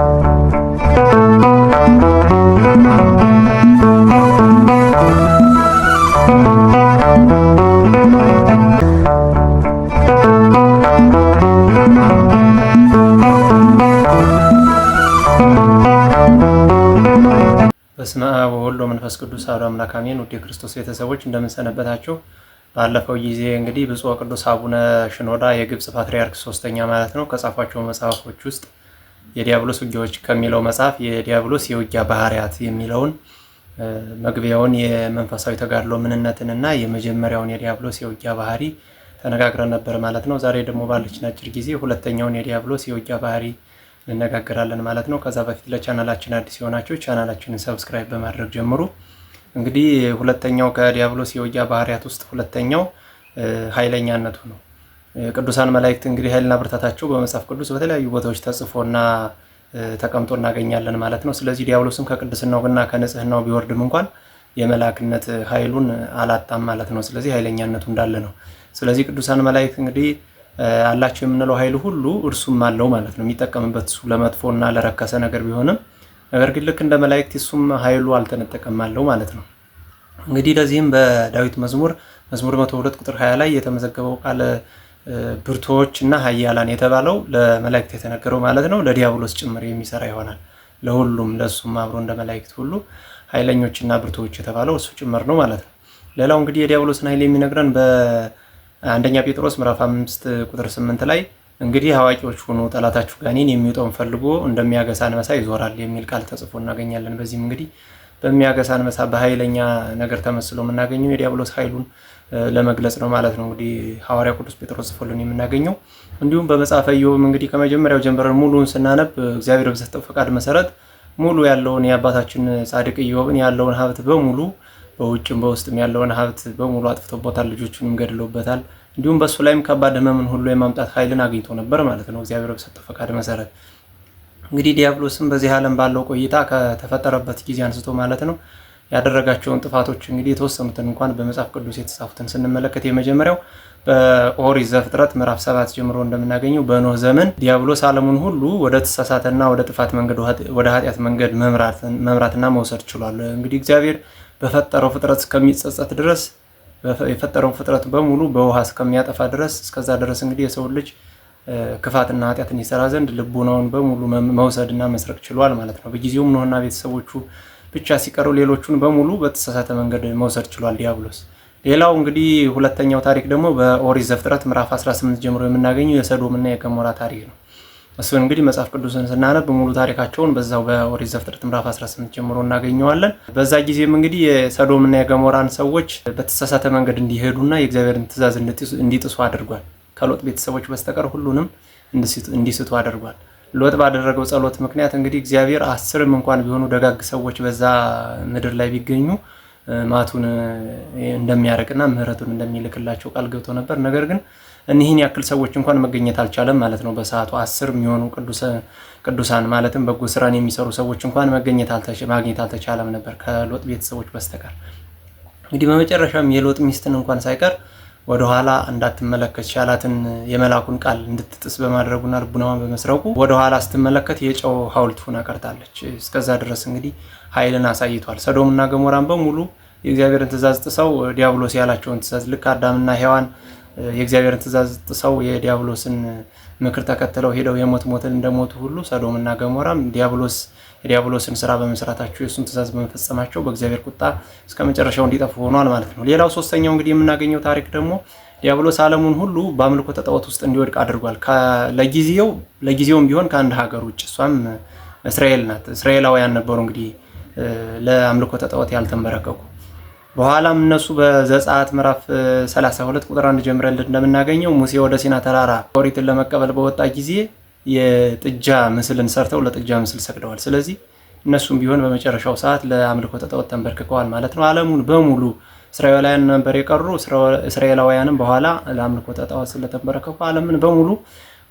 በስመ አብ ወወልድ ወመንፈስ ቅዱስ አሐዱ አምላክ አሜን። ውድ የክርስቶስ ቤተሰቦች እንደምንሰነበታችሁ። ባለፈው ጊዜ እንግዲህ ብፁዕ ቅዱስ አቡነ ሽኖዳ የግብፅ ፓትርያርክ ሶስተኛ ማለት ነው ከጻፏቸው መጽሐፎች ውስጥ የዲያብሎስ ውጊያዎች ከሚለው መጽሐፍ የዲያብሎስ የውጊያ ባህሪያት የሚለውን መግቢያውን የመንፈሳዊ ተጋድሎ ምንነትንና የመጀመሪያውን የዲያብሎስ የውጊያ ባህሪ ተነጋግረን ነበር ማለት ነው። ዛሬ ደግሞ ባለችን አጭር ጊዜ ሁለተኛውን የዲያብሎስ የውጊያ ባህሪ እንነጋገራለን ማለት ነው። ከዛ በፊት ለቻናላችን አዲስ የሆናችሁ ቻናላችንን ሰብስክራይብ በማድረግ ጀምሩ። እንግዲህ ሁለተኛው ከዲያብሎስ የውጊያ ባህሪያት ውስጥ ሁለተኛው ኃይለኛነቱ ነው። ቅዱሳን መላእክት እንግዲህ ኃይልና ብርታታቸው በመጽሐፍ ቅዱስ በተለያዩ ቦታዎች ተጽፎና ተቀምጦ እናገኛለን ማለት ነው። ስለዚህ ዲያብሎስም ከቅድስናውና ከንጽህናው ቢወርድም እንኳን የመላክነት ኃይሉን አላጣም ማለት ነው። ስለዚህ ኃይለኛነቱ እንዳለ ነው። ስለዚህ ቅዱሳን መላእክት እንግዲህ አላቸው የምንለው ኃይል ሁሉ እርሱም አለው ማለት ነው። የሚጠቀምበት እሱ ለመጥፎና ለረከሰ ነገር ቢሆንም ነገር ግን ልክ እንደ መላእክት እሱም ኃይሉ አልተነጠቀም አለው ማለት ነው። እንግዲህ ለዚህም በዳዊት መዝሙር መዝሙር 102 ቁጥር 20 ላይ የተመዘገበው ቃል ብርቱዎች እና ሀያላን የተባለው ለመላእክት የተነገረው ማለት ነው ለዲያብሎስ ጭምር የሚሰራ ይሆናል። ለሁሉም ለእሱም አብሮ እንደ መላእክት ሁሉ ኃይለኞችና ብርቶዎች የተባለው እሱ ጭምር ነው ማለት ነው። ሌላው እንግዲህ የዲያብሎስን ኃይል የሚነግረን በአንደኛ ጴጥሮስ ምዕራፍ አምስት ቁጥር ስምንት ላይ እንግዲህ አዋቂዎች ሁኑ፣ ጠላታችሁ ጋኔን የሚውጠውን ፈልጎ እንደሚያገሳ አንበሳ ይዞራል የሚል ቃል ተጽፎ እናገኛለን። በዚህም እንግዲህ በሚያገሳ አንበሳ በኃይለኛ ነገር ተመስሎ የምናገኘው የዲያብሎስ ኃይሉን ለመግለጽ ነው ማለት ነው። እንግዲህ ሐዋርያ ቅዱስ ጴጥሮስ ጽፎልን የምናገኘው እንዲሁም በመጽሐፈ ኢዮብም እንግዲህ ከመጀመሪያው ጀምረን ሙሉን ስናነብ እግዚአብሔር በሰጠው ፈቃድ መሰረት ሙሉ ያለውን የአባታችን ጻድቅ ኢዮብን ያለውን ሀብት በሙሉ በውጭም በውስጥም ያለውን ሀብት በሙሉ አጥፍቶበታል፣ ልጆቹንም ገድሎበታል። እንዲሁም በእሱ ላይም ከባድ ህመምን ሁሉ የማምጣት ኃይልን አግኝቶ ነበር ማለት ነው እግዚአብሔር በሰጠው ፈቃድ መሰረት እንግዲህ ዲያብሎስም በዚህ ዓለም ባለው ቆይታ ከተፈጠረበት ጊዜ አንስቶ ማለት ነው ያደረጋቸውን ጥፋቶች እንግዲህ የተወሰኑትን እንኳን በመጽሐፍ ቅዱስ የተጻፉትን ስንመለከት የመጀመሪያው በኦሪት ዘፍጥረት ምዕራፍ ሰባት ጀምሮ እንደምናገኘው በኖህ ዘመን ዲያብሎስ ዓለሙን ሁሉ ወደ ተሳሳተና ወደ ጥፋት መንገድ ወደ ኃጢአት መንገድ መምራትና መውሰድ ችሏል። እንግዲህ እግዚአብሔር በፈጠረው ፍጥረት እስከሚጸጸት ድረስ የፈጠረው ፍጥረት በሙሉ በውሃ እስከሚያጠፋ ድረስ እስከዛ ድረስ እንግዲህ የሰው ልጅ ክፋትና ኃጢአትን ይሰራ ዘንድ ልቡናውን በሙሉ መውሰድና መስረቅ ችሏል ማለት ነው። በጊዜውም ኖህና ቤተሰቦቹ ብቻ ሲቀሩ ሌሎቹን በሙሉ በተሳሳተ መንገድ መውሰድ ችሏል ዲያብሎስ። ሌላው እንግዲህ ሁለተኛው ታሪክ ደግሞ በኦሪት ዘፍጥረት ምዕራፍ 18 ጀምሮ የምናገኘው የሰዶምና የገሞራ ታሪክ ነው። እሱን እንግዲህ መጽሐፍ ቅዱስን ስናነብ ሙሉ ታሪካቸውን በዛው በኦሪት ዘፍጥረት ምዕራፍ 18 ጀምሮ እናገኘዋለን። በዛ ጊዜም እንግዲህ የሰዶምና የገሞራን ሰዎች በተሳሳተ መንገድ እንዲሄዱና የእግዚአብሔርን ትእዛዝ እንዲጥሱ አድርጓል። ከሎጥ ቤተሰቦች በስተቀር ሁሉንም እንዲስቱ አድርጓል። ሎጥ ባደረገው ጸሎት ምክንያት እንግዲህ እግዚአብሔር አስርም እንኳን ቢሆኑ ደጋግ ሰዎች በዛ ምድር ላይ ቢገኙ ማቱን እንደሚያረቅና ምሕረቱን እንደሚልክላቸው ቃል ገብቶ ነበር። ነገር ግን እኒህን ያክል ሰዎች እንኳን መገኘት አልቻለም ማለት ነው። በሰዓቱ አስር የሚሆኑ ቅዱሳን ማለትም በጎ ስራን የሚሰሩ ሰዎች እንኳን መገኘት ማግኘት አልተቻለም ነበር ከሎጥ ቤተሰቦች በስተቀር። እንግዲህ በመጨረሻም የሎጥ ሚስትን እንኳን ሳይቀር ወደኋላ እንዳትመለከት ሻላትን የመላኩን ቃል እንድትጥስ በማድረጉና ልቡናዋን በመስረቁ ወደኋላ ስትመለከት የጨው ሐውልት ሆና ቀርታለች። እስከዛ ድረስ እንግዲህ ኃይልን አሳይቷል። ሰዶምና ገሞራን በሙሉ የእግዚአብሔርን ትእዛዝ ጥሰው ዲያብሎስ ያላቸውን ትእዛዝ ልክ አዳምና ሔዋን የእግዚአብሔርን ትእዛዝ ጥሰው የዲያብሎስን ምክር ተከትለው ሄደው የሞት ሞትን እንደሞቱ ሁሉ ሰዶምና ገሞራም ዲያብሎስ የዲያብሎስን ስራ በመስራታቸው የእሱን ትእዛዝ በመፈጸማቸው በእግዚአብሔር ቁጣ እስከ መጨረሻው እንዲጠፉ ሆኗል ማለት ነው። ሌላው ሶስተኛው እንግዲህ የምናገኘው ታሪክ ደግሞ ዲያብሎስ ዓለሙን ሁሉ በአምልኮ ተጠወት ውስጥ እንዲወድቅ አድርጓል። ለጊዜው ለጊዜውም ቢሆን ከአንድ ሀገር ውጭ እሷም እስራኤል ናት። እስራኤላውያን ነበሩ እንግዲህ ለአምልኮ ተጠወት ያልተንበረከኩ። በኋላም እነሱ በዘጸአት ምዕራፍ 32 ቁጥር 1 ጀምረን እንደምናገኘው ሙሴ ወደ ሲና ተራራ ኦሪትን ለመቀበል በወጣ ጊዜ የጥጃ ምስልን ሰርተው ለጥጃ ምስል ሰግደዋል። ስለዚህ እነሱም ቢሆን በመጨረሻው ሰዓት ለአምልኮ ተጠወት ተንበርክከዋል ማለት ነው። ዓለሙን በሙሉ እስራኤላውያን ነበር የቀሩ። እስራኤላውያንም በኋላ ለአምልኮ ተጣዖት ስለተንበረከኩ ዓለምን በሙሉ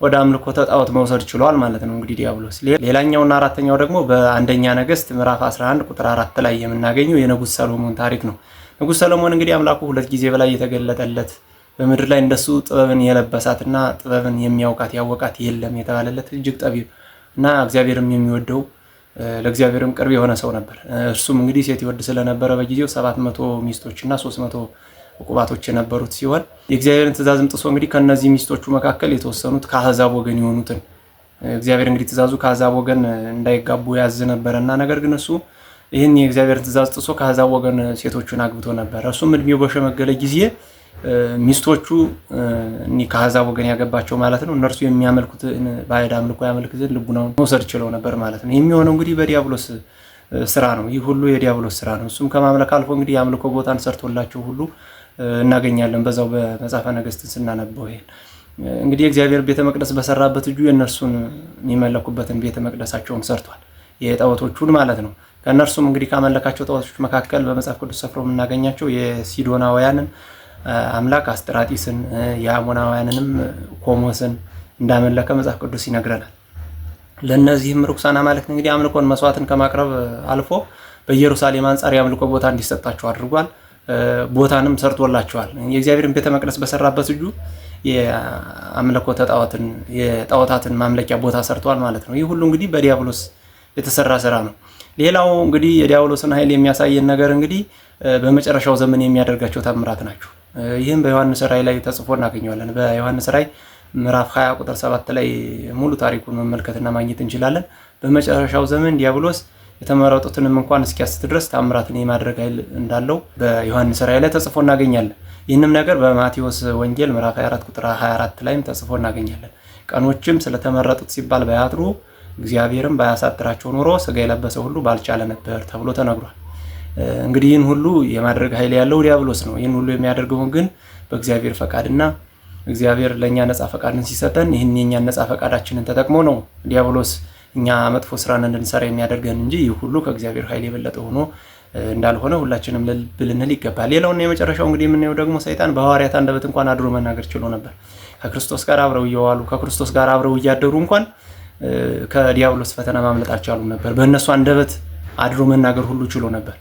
ወደ አምልኮ ተጣዖት መውሰድ ችሏል ማለት ነው። እንግዲህ ዲያብሎስ ሌላኛውና አራተኛው ደግሞ በአንደኛ ነገስት ምዕራፍ 11 ቁጥር 4 ላይ የምናገኘው የንጉሥ ሰሎሞን ታሪክ ነው። ንጉሥ ሰሎሞን እንግዲህ አምላኩ ሁለት ጊዜ በላይ የተገለጠለት በምድር ላይ እንደሱ ጥበብን እና ጥበብን የሚያውቃት ያወቃት የለም የተባለለት እጅግ ጠቢብ እና እግዚአብሔርም የሚወደው ለእግዚአብሔርም ቅርብ የሆነ ሰው ነበር። እርሱም እንግዲህ ሴት ይወድ ስለነበረ በጊዜው ሰባት መቶ ሚስቶችና ሶስት መቶ ቁባቶች የነበሩት ሲሆን የእግዚአብሔርን ትእዛዝም ጥሶ እንግዲህ ከእነዚህ ሚስቶቹ መካከል የተወሰኑት ከአህዛብ ወገን የሆኑትን እግዚአብሔር እንግዲህ ትእዛዙ ከአህዛብ ወገን እንዳይጋቡ ያዝ ነበረ እና ነገር ግን እሱ ይህን የእግዚአብሔርን ትእዛዝ ጥሶ ከአህዛብ ወገን ሴቶቹን አግብቶ ነበር። እሱም እድሜው በሸመገለ ጊዜ ሚስቶቹ እኒህ ከአሕዛብ ወገን ያገባቸው ማለት ነው እነርሱ የሚያመልኩት ባዕድ አምልኮ ያመልክ ዘንድ ልቡናውን መውሰድ ችለው ነበር ማለት ነው። የሚሆነው እንግዲህ በዲያብሎስ ስራ ነው። ይህ ሁሉ የዲያብሎስ ስራ ነው። እሱም ከማምለክ አልፎ እንግዲህ የአምልኮ ቦታን ሰርቶላቸው ሁሉ እናገኛለን። በዛው በመጽሐፈ ነገስትን ስናነበው ይሄን እንግዲህ እግዚአብሔር ቤተ መቅደስ በሰራበት እጁ የእነርሱን የሚመለኩበትን ቤተ መቅደሳቸውን ሰርቷል። የጣዖቶቹን ማለት ነው። ከእነርሱም እንግዲህ ካመለካቸው ጠወቶች መካከል በመጽሐፍ ቅዱስ ሰፍረው የምናገኛቸው የሲዶናውያንን አምላክ አስጥራጢስን የአሞናውያንንም ኮሞስን እንዳመለከ መጽሐፍ ቅዱስ ይነግረናል። ለእነዚህም ርኩሳን አማልክት እንግዲህ አምልኮን መስዋዕትን ከማቅረብ አልፎ በኢየሩሳሌም አንጻር የአምልኮ ቦታ እንዲሰጣቸው አድርጓል። ቦታንም ሰርቶላቸዋል። የእግዚአብሔርን ቤተ መቅደስ በሰራበት እጁ የአምልኮ ተጣዋትን የጣዖታትን ማምለኪያ ቦታ ሰርቷል ማለት ነው። ይህ ሁሉ እንግዲህ በዲያብሎስ የተሰራ ስራ ነው። ሌላው እንግዲህ የዲያብሎስን ኃይል የሚያሳየን ነገር እንግዲህ በመጨረሻው ዘመን የሚያደርጋቸው ተምራት ናቸው። ይህም በዮሐንስ ራእይ ላይ ተጽፎ እናገኘዋለን። በዮሐንስ ራእይ ምዕራፍ 20 ቁጥር 7 ላይ ሙሉ ታሪኩን መመልከትና ማግኘት እንችላለን። በመጨረሻው ዘመን ዲያብሎስ የተመረጡትንም እንኳን እስኪያስት ድረስ ታምራትን የማድረግ ኃይል እንዳለው በዮሐንስ ራእይ ላይ ተጽፎ እናገኛለን። ይህንም ነገር በማቴዎስ ወንጌል ምዕራፍ 24 ቁጥር 24 ላይም ተጽፎ እናገኛለን። ቀኖችም ስለተመረጡት ሲባል ባያጥሩ እግዚአብሔርም ባያሳጥራቸው ኑሮ ስጋ የለበሰ ሁሉ ባልቻለ ነበር ተብሎ ተነግሯል። እንግዲህ ይህን ሁሉ የማድረግ ኃይል ያለው ዲያብሎስ ነው። ይህን ሁሉ የሚያደርገውን ግን በእግዚአብሔር ፈቃድና እግዚአብሔር ለእኛ ነፃ ፈቃድን ሲሰጠን ይህን የእኛን ነፃ ፈቃዳችንን ተጠቅሞ ነው ዲያብሎስ እኛ መጥፎ ስራን እንድንሰራ የሚያደርገን እንጂ ይህ ሁሉ ከእግዚአብሔር ኃይል የበለጠ ሆኖ እንዳልሆነ ሁላችንም ልብ ልንል ይገባል። ሌላውና የመጨረሻው እንግዲህ የምናየው ደግሞ ሰይጣን በሐዋርያት አንደበት እንኳን አድሮ መናገር ችሎ ነበር። ከክርስቶስ ጋር አብረው እየዋሉ ከክርስቶስ ጋር አብረው እያደሩ እንኳን ከዲያብሎስ ፈተና ማምለጥ አልቻሉም ነበር። በእነሱ አንደበት አድሮ መናገር ሁሉ ችሎ ነበር።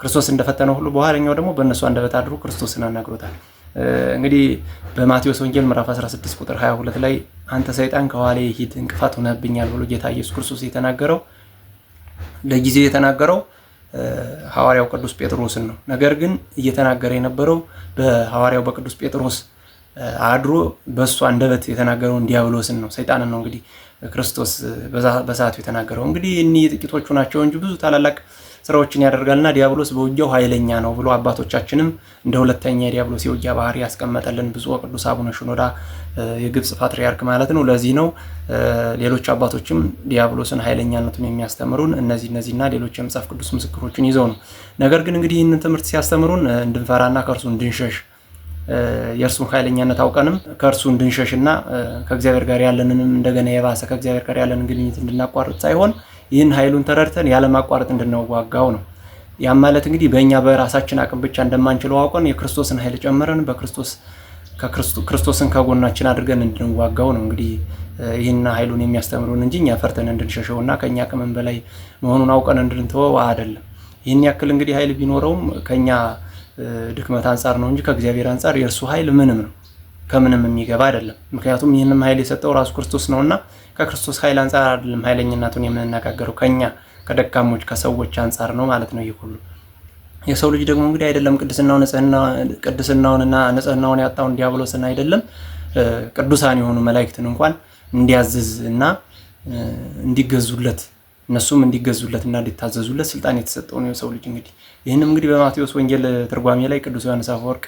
ክርስቶስ እንደፈተነው ሁሉ በኋለኛው ደግሞ በእነሱ አንደበት አድሮ ክርስቶስን አናግሮታል። እንግዲህ በማቴዎስ ወንጌል ምዕራፍ 16 ቁጥር 22 ላይ አንተ ሰይጣን ከኋላ ሂድ እንቅፋት ሆነብኛል ብሎ ጌታ ኢየሱስ ክርስቶስ የተናገረው ለጊዜው የተናገረው ሐዋርያው ቅዱስ ጴጥሮስን ነው። ነገር ግን እየተናገረ የነበረው በሐዋርያው በቅዱስ ጴጥሮስ አድሮ በእሱ አንደበት የተናገረውን ዲያብሎስን ነው፣ ሰይጣንን ነው። እንግዲህ ክርስቶስ በሰዓቱ የተናገረው እንግዲህ እኒህ ጥቂቶቹ ናቸው እንጂ ብዙ ታላላቅ ስራዎችን ያደርጋልና ዲያብሎስ በውጊያው ኃይለኛ ነው ብሎ አባቶቻችንም እንደ ሁለተኛ የዲያብሎስ የውጊያ ባህሪ ያስቀመጠልን ብፁዕ ወቅዱስ አቡነ ሽኖዳ የግብጽ ፓትርያርክ ማለት ነው። ለዚህ ነው ሌሎች አባቶችም ዲያብሎስን ኃይለኛነቱን የሚያስተምሩን እነዚህ እነዚህና ሌሎች የመጽሐፍ ቅዱስ ምስክሮችን ይዘው ነው። ነገር ግን እንግዲህ ይህንን ትምህርት ሲያስተምሩን እንድንፈራና ከእርሱ እንድንሸሽ የእርሱን ኃይለኛነት አውቀንም ከእርሱ እንድንሸሽና ከእግዚአብሔር ጋር ያለንንም እንደገና የባሰ ከእግዚአብሔር ጋር ያለንን ግንኙነት እንድናቋርጥ ሳይሆን ይህን ኃይሉን ተረድተን ያለማቋረጥ እንድንዋጋው ነው። ያም ማለት እንግዲህ በእኛ በራሳችን አቅም ብቻ እንደማንችለው አውቀን የክርስቶስን ኃይል ጨምረን በክርስቶስ ክርስቶስን ከጎናችን አድርገን እንድንዋጋው ነው እንግዲህ ይህን ኃይሉን የሚያስተምሩን እንጂ እኛ ፈርተን እንድንሸሸውና ከእኛ አቅምን በላይ መሆኑን አውቀን እንድንተወው አይደለም። ይህን ያክል እንግዲህ ኃይል ቢኖረውም ከእኛ ድክመት አንጻር ነው እንጂ ከእግዚአብሔር አንጻር የእርሱ ኃይል ምንም ነው፣ ከምንም የሚገባ አይደለም። ምክንያቱም ይህንም ኃይል የሰጠው ራሱ ክርስቶስ ነውና ከክርስቶስ ኃይል አንጻር አይደለም ኃይለኝነቱን የምንነጋገረው ከኛ ከደካሞች ከሰዎች አንጻር ነው ማለት ነው። ይህ ሁሉ የሰው ልጅ ደግሞ እንግዲህ አይደለም ቅድስናው ንጽህና ቅድስናውንና ንጽህናውን ያጣውን ዲያብሎስን አይደለም ቅዱሳን የሆኑ መላእክትን እንኳን እንዲያዝዝ እና እንዲገዙለት እነሱም እንዲገዙለት እና እንዲታዘዙለት ስልጣን የተሰጠው ነው የሰው ልጅ እንግዲህ። ይህንም እንግዲህ በማቴዎስ ወንጌል ትርጓሜ ላይ ቅዱስ ዮሐንስ አፈወርቅ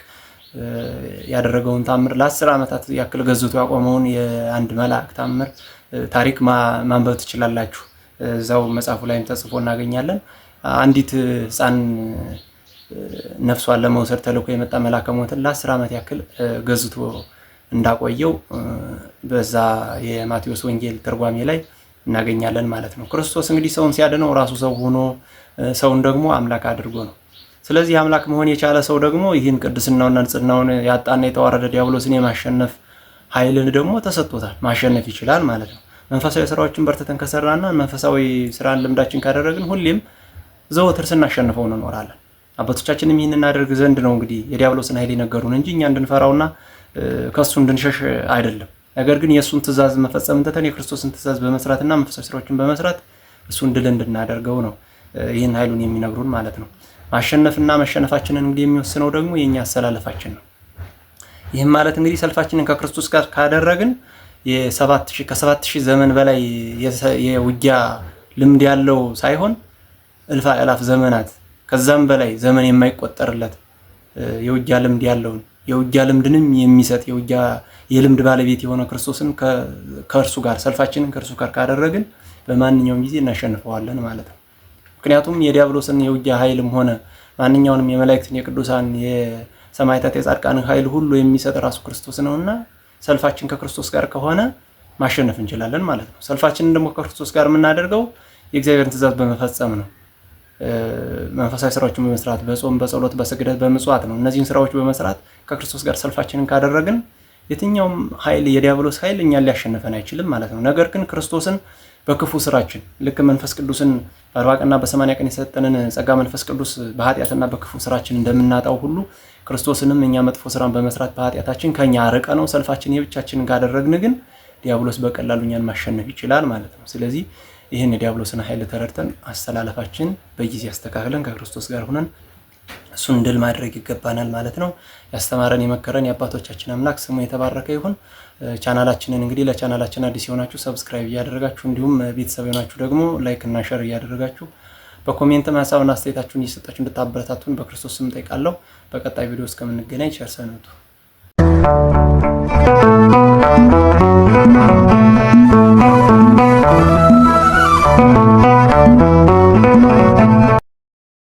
ያደረገውን ታምር ለአስር ዓመታት ያክል ገዝቶ ያቆመውን የአንድ መልአክ ታምር ታሪክ ማንበብ ትችላላችሁ። እዛው መጽሐፉ ላይም ተጽፎ እናገኛለን። አንዲት ህፃን ነፍሷን ለመውሰድ ተልኮ የመጣ መልአከ ሞትን ለአስር ዓመት ያክል ገዝቶ እንዳቆየው በዛ የማቴዎስ ወንጌል ትርጓሜ ላይ እናገኛለን ማለት ነው። ክርስቶስ እንግዲህ ሰውን ሲያድነው ራሱ ሰው ሆኖ ሰውን ደግሞ አምላክ አድርጎ ነው። ስለዚህ አምላክ መሆን የቻለ ሰው ደግሞ ይህን ቅድስናውና ንጽህናውን ያጣና የተዋረደ ዲያብሎስን የማሸነፍ ኃይልን ደግሞ ተሰጥቶታል። ማሸነፍ ይችላል ማለት ነው። መንፈሳዊ ስራዎችን በርትተን ከሰራና መንፈሳዊ ስራን ልምዳችን ካደረግን ሁሌም ዘወትር ስናሸንፈው እንኖራለን። አባቶቻችንም ይህን እናደርግ ዘንድ ነው እንግዲህ የዲያብሎስን ኃይል የነገሩን እንጂ እኛ እንድንፈራውና ከእሱ እንድንሸሽ አይደለም። ነገር ግን የእሱን ትእዛዝ መፈጸም ትተን የክርስቶስን ትእዛዝ በመስራትና መንፈሳዊ ስራዎችን በመስራት እሱን ድል እንድናደርገው ነው ይህን ኃይሉን የሚነግሩን ማለት ነው። ማሸነፍና መሸነፋችንን እንግዲህ የሚወስነው ደግሞ የእኛ አሰላለፋችን ነው። ይህም ማለት እንግዲህ ሰልፋችንን ከክርስቶስ ጋር ካደረግን ከሰባት ሺህ ዘመን በላይ የውጊያ ልምድ ያለው ሳይሆን እልፍ አእላፍ ዘመናት ከዛም በላይ ዘመን የማይቆጠርለት የውጊያ ልምድ ያለውን የውጊያ ልምድንም የሚሰጥ የውጊያ የልምድ ባለቤት የሆነ ክርስቶስን ከእርሱ ጋር ሰልፋችንን ከእርሱ ጋር ካደረግን በማንኛውም ጊዜ እናሸንፈዋለን ማለት ነው። ምክንያቱም የዲያብሎስን የውጊያ ኃይልም ሆነ ማንኛውንም የመላእክትን የቅዱሳን የሰማዕታት የጻድቃንን ኃይል ሁሉ የሚሰጥ ራሱ ክርስቶስ ነውና ሰልፋችን ከክርስቶስ ጋር ከሆነ ማሸነፍ እንችላለን ማለት ነው። ሰልፋችንን ደግሞ ከክርስቶስ ጋር የምናደርገው የእግዚአብሔርን ትእዛዝ በመፈጸም ነው። መንፈሳዊ ስራዎችን በመስራት በጾም፣ በጸሎት፣ በስግደት፣ በምጽዋት ነው። እነዚህን ስራዎች በመስራት ከክርስቶስ ጋር ሰልፋችንን ካደረግን የትኛውም ኃይል የዲያብሎስ ኃይል እኛን ሊያሸንፈን አይችልም ማለት ነው። ነገር ግን ክርስቶስን በክፉ ስራችን ልክ መንፈስ ቅዱስን በአርባ ቀንና በሰማንያ ቀን የሰጠንን ጸጋ መንፈስ ቅዱስ በኃጢአትና በክፉ ስራችን እንደምናጣው ሁሉ ክርስቶስንም እኛ መጥፎ ስራን በመስራት በኃጢአታችን ከኛ ርቀ ነው ሰልፋችን የብቻችን ካደረግን ግን ዲያብሎስ በቀላሉ እኛን ማሸነፍ ይችላል ማለት ነው። ስለዚህ ይህን የዲያብሎስን ኃይል ተረድተን አስተላለፋችን በጊዜ ያስተካክለን ከክርስቶስ ጋር ሁነን እሱን ድል ማድረግ ይገባናል ማለት ነው። ያስተማረን የመከረን የአባቶቻችን አምላክ ስሙ የተባረከ ይሁን። ቻናላችንን እንግዲህ ለቻናላችን አዲስ የሆናችሁ ሰብስክራይብ እያደረጋችሁ እንዲሁም ቤተሰብ የሆናችሁ ደግሞ ላይክ እና ሸር እያደረጋችሁ በኮሜንትም ሀሳብና አስተያየታችሁን እየሰጣችሁ እንድታበረታቱን በክርስቶስ ስም ጠይቃለሁ። በቀጣይ ቪዲዮ እስከምንገናኝ ቸር ሰንብቱ።